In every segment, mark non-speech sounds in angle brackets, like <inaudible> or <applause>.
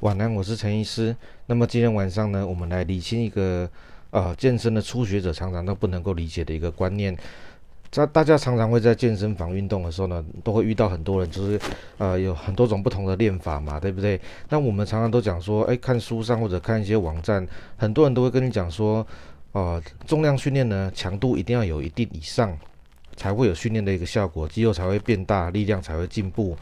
晚安，我是陳醫師。那麼今天晚上呢，我們來理清一個呃，健身的初學者常常都不能夠理解的一個觀念。在大家常常會在健身房運動的時候呢，都會遇到很多人，就是呃，有很多種不同的練法嘛，對不對？那我們常常都講說，哎，看書上或者看一些網站，很多人都會跟你講說，呃，重量訓練呢，強度一定要有一定以上，才會有訓練的一個效果，肌肉才會變大，力量才會進步。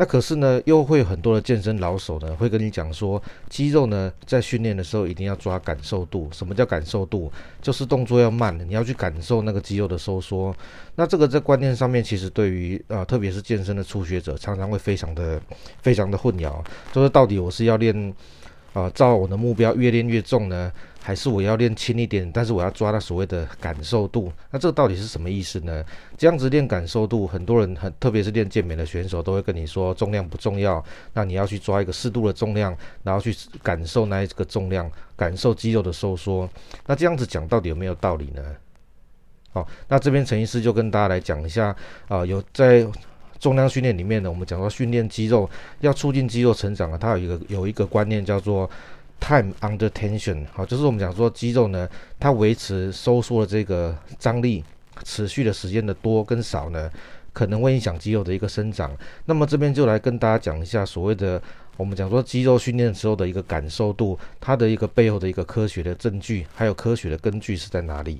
那可是呢，又會很多的健身老手呢，會跟你講說，肌肉呢，在訓練的時候一定要抓感受度。什麼叫感受度？就是動作要慢，你要去感受那個肌肉的收縮。那這個在觀念上面，其實對於啊、呃，特別是健身的初學者，常常會非常的、非常的混淆。就是到底我是要練啊、呃，照我的目標越練越重呢？還是我要練輕一點，但是我要抓那所謂的感受度。那這到底是什麼意思呢？這樣子練感受度，很多人很，特別是練健美的選手，都會跟你說重量不重要。那你要去抓一個適度的重量，然後去感受那一個重量，感受肌肉的收縮。那這樣子講到底有沒有道理呢？好、哦，那這邊陳醫師就跟大家來講一下啊、呃，有在重量訓練裡面呢，我們講到訓練肌肉要促進肌肉成長了，它有一個有一個觀念叫做。Time under tension，好，就是我們講說肌肉呢，它維持收縮的這個張力持續的時間的多跟少呢，可能會影響肌肉的一個生長。那麼這邊就來跟大家講一下所謂的我們講說肌肉訓練的時候的一個感受度，它的一個背後的一個科學的證據，還有科學的根據是在哪裡？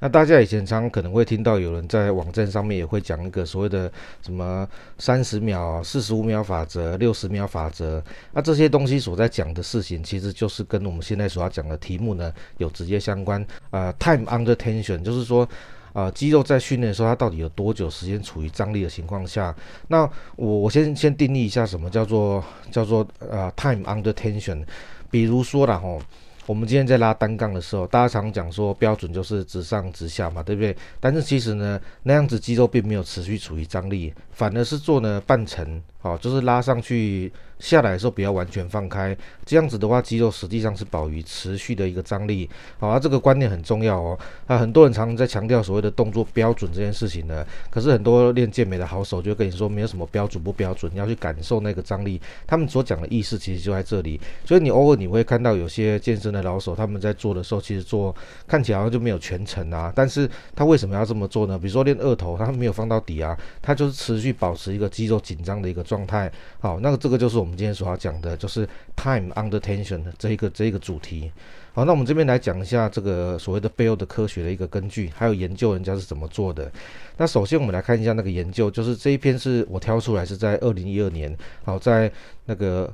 那大家以前常常可能會聽到有人在網站上面也會講一個所謂的什麼三十秒、四十五秒法則、六十秒法則。那這些東西所在講的事情，其實就是跟我們現在所要講的題目呢有直接相關。呃，time under tension，就是說，呃，肌肉在訓練的時候，它到底有多久時間處於張力的情況下？那我我先先定義一下什麼叫做叫做呃 time under tension。比如說啦吼。我們今天在拉單槓的時候，大家常講說標準就是直上直下嘛，對不對？但是其實呢，那樣子肌肉並沒有持續處於張力，反而是做呢半程，好、哦，就是拉上去下來的時候不要完全放開，這樣子的話，肌肉實際上是保於持續的一個張力。好、哦啊，這個觀念很重要哦。啊，很多人常常在強調所謂的動作標準這件事情呢，可是很多練健美的好手就會跟你說沒有什麼標準不標準，你要去感受那個張力。他們所講的意思其實就在這裡，所以你偶爾你會看到有些健身的。老手他們在做的時候，其實做看起來好像就沒有全程啊。但是他為什麼要這麼做呢？比如說練二頭，他沒有放到底啊，他就是持續保持一個肌肉緊張的一個狀態。好，那個這個就是我們今天所要講的，就是 time under tension 的這一個這一個主題。好，那我們這邊來講一下這個所謂的背後的科學的一個根據，還有研究人家是怎麼做的。那首先我們來看一下那個研究，就是這一篇是我挑出來是在二零一二年，好在那個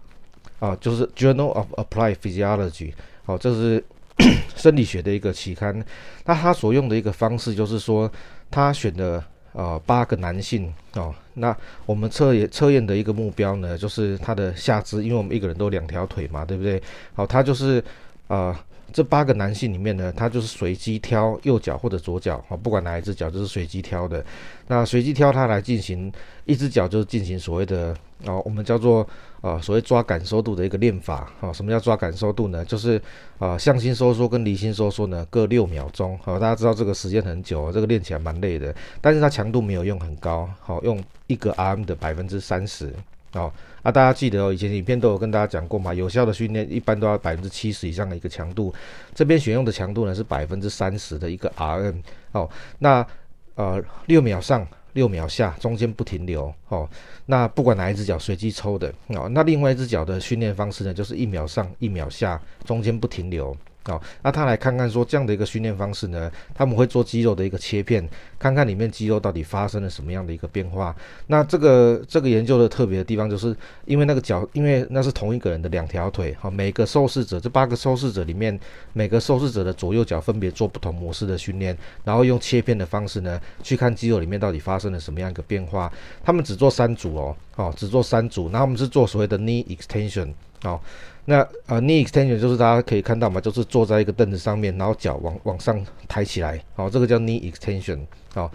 啊，就是 Journal of Applied Physiology。好、哦，這是 <coughs> 生理學的一個期刊。那他所用的一個方式就是說，他選的呃八個男性哦。那我們測驗測驗的一個目標呢，就是他的下肢，因為我們一個人都兩條腿嘛，對不對？好、哦，他就是。啊、呃，這八個男性裡面呢，他就是隨機挑右腳或者左腳啊、哦，不管哪一隻腳就是隨機挑的。那隨機挑他來進行一隻腳，就是進行所謂的啊、哦，我們叫做啊、呃，所謂抓感受度的一個練法啊、哦。什麼叫抓感受度呢？就是啊、呃，向心收縮跟離心收縮呢各六秒鐘啊、哦。大家知道這個時間很久，這個練起來蠻累的，但是它強度沒有用很高，好、哦、用一個 RM 的百分之三十。哦，啊，大家記得哦，以前影片都有跟大家講過嘛，有效的訓練一般都要百分之七十以上的一個強度，這邊選用的強度呢是百分之三十的一個 RM 哦，那呃六秒上六秒下中間不停留哦，那不管哪一隻腳隨機抽的哦，那另外一隻腳的訓練方式呢就是一秒上一秒下中間不停留。好、哦，那他來看看說這樣的一個訓練方式呢，他們會做肌肉的一個切片，看看裡面肌肉到底發生了什麼樣的一個變化。那這個這個研究的特別的地方，就是因為那個腳，因為那是同一個人的兩條腿，好、哦，每個受試者，這八個受試者裡面，每個受試者的左右腳分別做不同模式的訓練，然後用切片的方式呢，去看肌肉裡面到底發生了什麼樣的一個變化。他們只做三組哦，好、哦，只做三組，那我們是做所謂的 knee extension。好，那呃 knee extension 就是大家可以看到嘛，就是坐在一個凳子上面，然後腳往往上抬起來，好，這個叫 knee extension 好。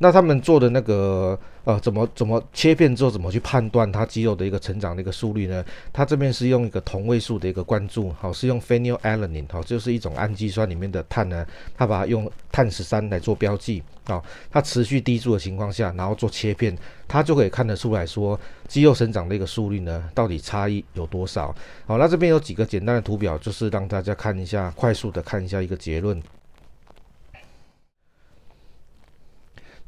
那他們做的那個，呃，怎麼怎麼切片之後，怎麼去判斷它肌肉的一個成長的一個速率呢？它這邊是用一個同位素的一個灌注，好，是用 f h e n y l a l a n i n e 好，就是一種氨基酸裡面的碳呢，它把它用碳十三來做標記，啊，它持續低注的情況下，然後做切片，它就可以看得出來說肌肉生長的一個速率呢，到底差異有多少？好，那這邊有幾個簡單的圖表，就是讓大家看一下，快速的看一下一個結論。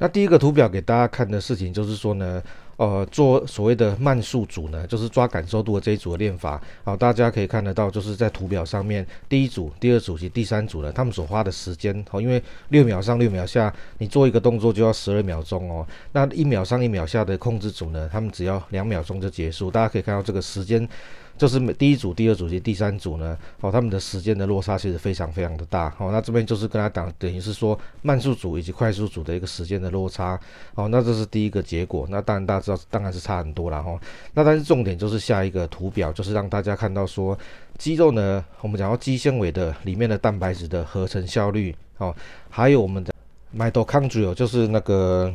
那第一個圖表給大家看的事情，就是說呢。呃，做所謂的慢速組呢，就是抓感受度的這一組的練法好。哦，大家可以看得到，就是在圖表上面，第一組、第二組及第三組呢，他們所花的時間哦。因為六秒上六秒下，你做一個動作就要十二秒鐘哦。那一秒上一秒下的控制組呢，他們只要兩秒鐘就結束。大家可以看到這個時間，就是每第一組、第二組及第三組呢，哦，他們的時間的落差其實非常非常的大哦。那這邊就是跟他講，等於是說慢速組以及快速組的一個時間的落差哦。那這是第一個結果。那當然大家。當然是差很多了哈。那但是重點就是下一個圖表，就是讓大家看到說肌肉呢，我們講到肌纖維的裡面的蛋白質的合成效率哦，還有我們的 mitochondria 就是那個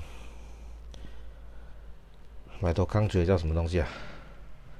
mitochondria 叫什麼東西啊？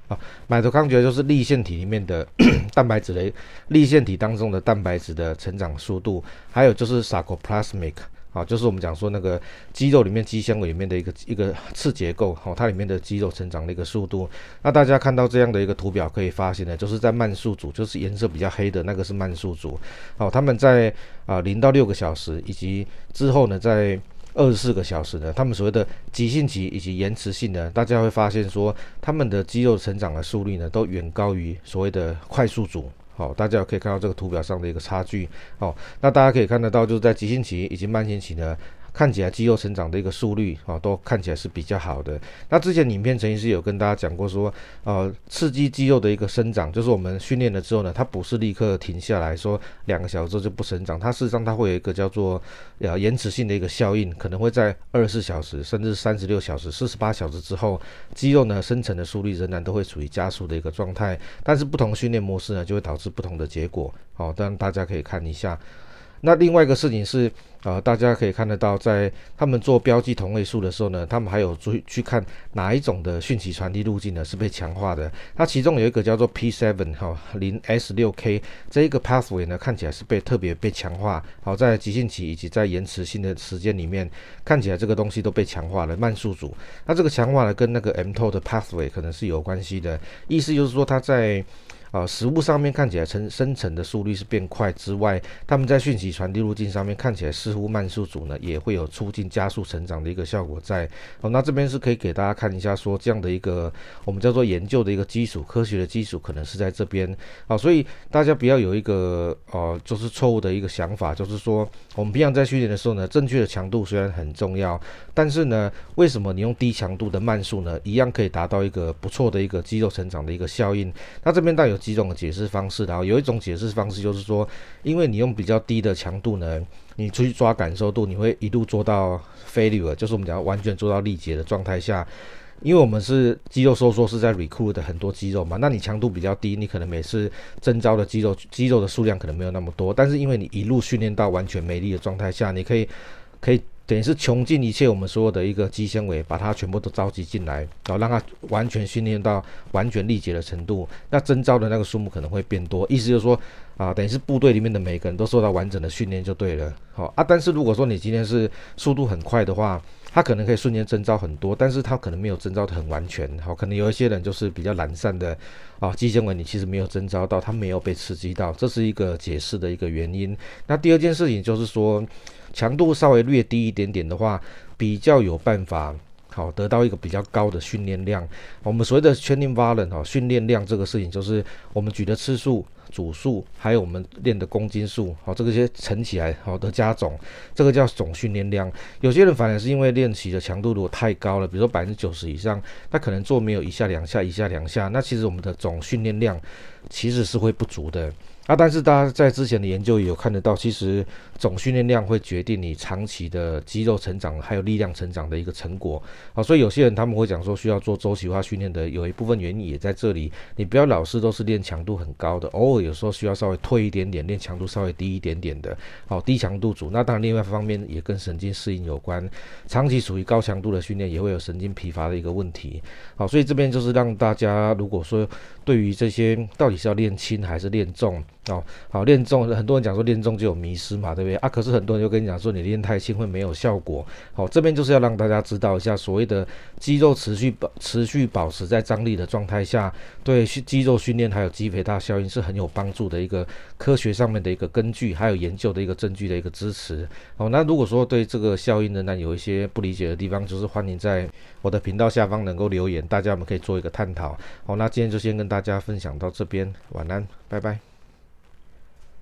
啊，mitochondria 就是粒線體裡面的咳咳蛋白質的粒線體當中的蛋白質的成長速度，還有就是 sarcoplasmic。啊、哦，就是我們講說那個肌肉裡面肌纖維裡面的一個一個次結構，哈、哦，它裡面的肌肉成長的一個速度。那大家看到這樣的一個圖表，可以發現呢，就是在慢速組，就是顏色比較黑的那個是慢速組，哦，他們在啊零到六個小時以及之後呢，在二十四個小時呢，他們所謂的急性期以及延遲性呢，大家會發現說，他們的肌肉成長的速率呢，都遠高於所謂的快速組。好，大家可以看到這個圖表上的一個差距。好，那大家可以看得到，就是在急性期以及慢性期呢。看起來肌肉生長的一個速率啊，都看起來是比較好的。那之前影片曾經是有跟大家講過說，說、呃、啊，刺激肌肉的一個生長，就是我們訓練了之後呢，它不是立刻停下來說兩個小時就不生長，它事實上它會有一個叫做呃延遲性的一個效應，可能會在二十四小時甚至三十六小時、四十八小時之後，肌肉呢生成的速率仍然都會處於加速的一個狀態。但是不同的訓練模式呢，就會導致不同的結果。好、哦，當然大家可以看一下。那另外一個事情是。呃，大家可以看得到，在他們做標記同位素的時候呢，他們還有追去看哪一種的訊息傳遞路徑呢，是被強化的。它，其中有一個叫做 P7 哈零 S6K 這一個 pathway 呢，看起來是被特別被強化。好，在急性期以及在延遲性的時間裡面，看起來這個東西都被強化了。慢速組，那這個強化呢，跟那個 mTOR 的 pathway 可能是有關係的。意思就是說，它在啊，食物上面看起來成生成的速率是變快之外，他們在訊息傳遞路徑上面看起來似乎慢速組呢也會有促進加速成長的一個效果在。好，哦，那這邊是可以給大家看一下，說這樣的一個我們叫做研究的一個基礎科學的基礎可能是在這邊。好，哦，所以大家不要有一個哦，呃，就是錯誤的一個想法，就是說我們平常在訓練的時候呢，正確的強度雖然很重要，但是呢，為什麼你用低強度的慢速呢，一樣可以達到一個不錯的一個肌肉成長的一個效應？那這邊帶有。幾種解釋方式，然後有一種解釋方式就是說，因為你用比較低的強度呢，你出去抓感受度，你會一路做到 failure，就是我們講完全做到力竭的狀態下，因為我們是肌肉收縮是在 recruit 的很多肌肉嘛，那你強度比較低，你可能每次徵召的肌肉肌肉的數量可能沒有那麼多，但是因為你一路訓練到完全沒力的狀態下，你可以可以。等於是窮盡一切，我們所有的一個肌纖維，把它全部都召集進來，然後讓它完全訓練到完全力竭的程度。那徵召的那個數目可能會變多，意思就是說，啊，等於是部隊裡面的每個人都受到完整的訓練就對了，好啊。但是如果說你今天是速度很快的話。他可能可以瞬間徵召很多，但是他可能沒有徵召的很完全，好，可能有一些人就是比較懶散的，啊、哦，肌纖維你其實沒有徵召到，他沒有被刺激到，這是一個解釋的一個原因。那第二件事情就是說，強度稍微略低一點點的話，比較有辦法。好，得到一個比較高的訓練量。我們所謂的 training volume 哈，訓練量這個事情就是我們舉的次數、組數，還有我們練的公斤數，好，這個些乘起來，好的加總，這個叫總訓練量。有些人反而是因為練習的強度如果太高了，比如說百分之九十以上，他可能做沒有一下兩下，一下兩下，那其實我們的總訓練量其實是會不足的。啊，但是大家在之前的研究也有看得到，其實總訓練量會決定你長期的肌肉成長，還有力量成長的一個成果。好，所以有些人他們會講說需要做周期化訓練的，有一部分原因也在這裡。你不要老是都是練強度很高的，偶爾有時候需要稍微退一點點，練強度稍微低一點點的，好，低強度組。那當然另外一方面也跟神經適應有關，長期處於高強度的訓練也會有神經疲乏的一個問題。好，所以這邊就是讓大家如果說對於這些到底是要練輕還是練重？哦，好，練重，很多人講說練重就有迷失嘛，對不對啊？可是很多人就跟你講說你練太輕會沒有效果。好，哦，這邊就是要讓大家知道一下，所謂的肌肉持續保持續保持在張力的狀態下，對肌肉訓練還有肌肥大效應是很有幫助的一個科學上面的一個根據，還有研究的一個證據的一個支持。好，哦，那如果說對這個效應仍然有一些不理解的地方，就是歡迎在我的頻道下方能夠留言，大家我們可以做一個探討。好，哦，那今天就先跟大家分享到這邊，晚安，拜拜。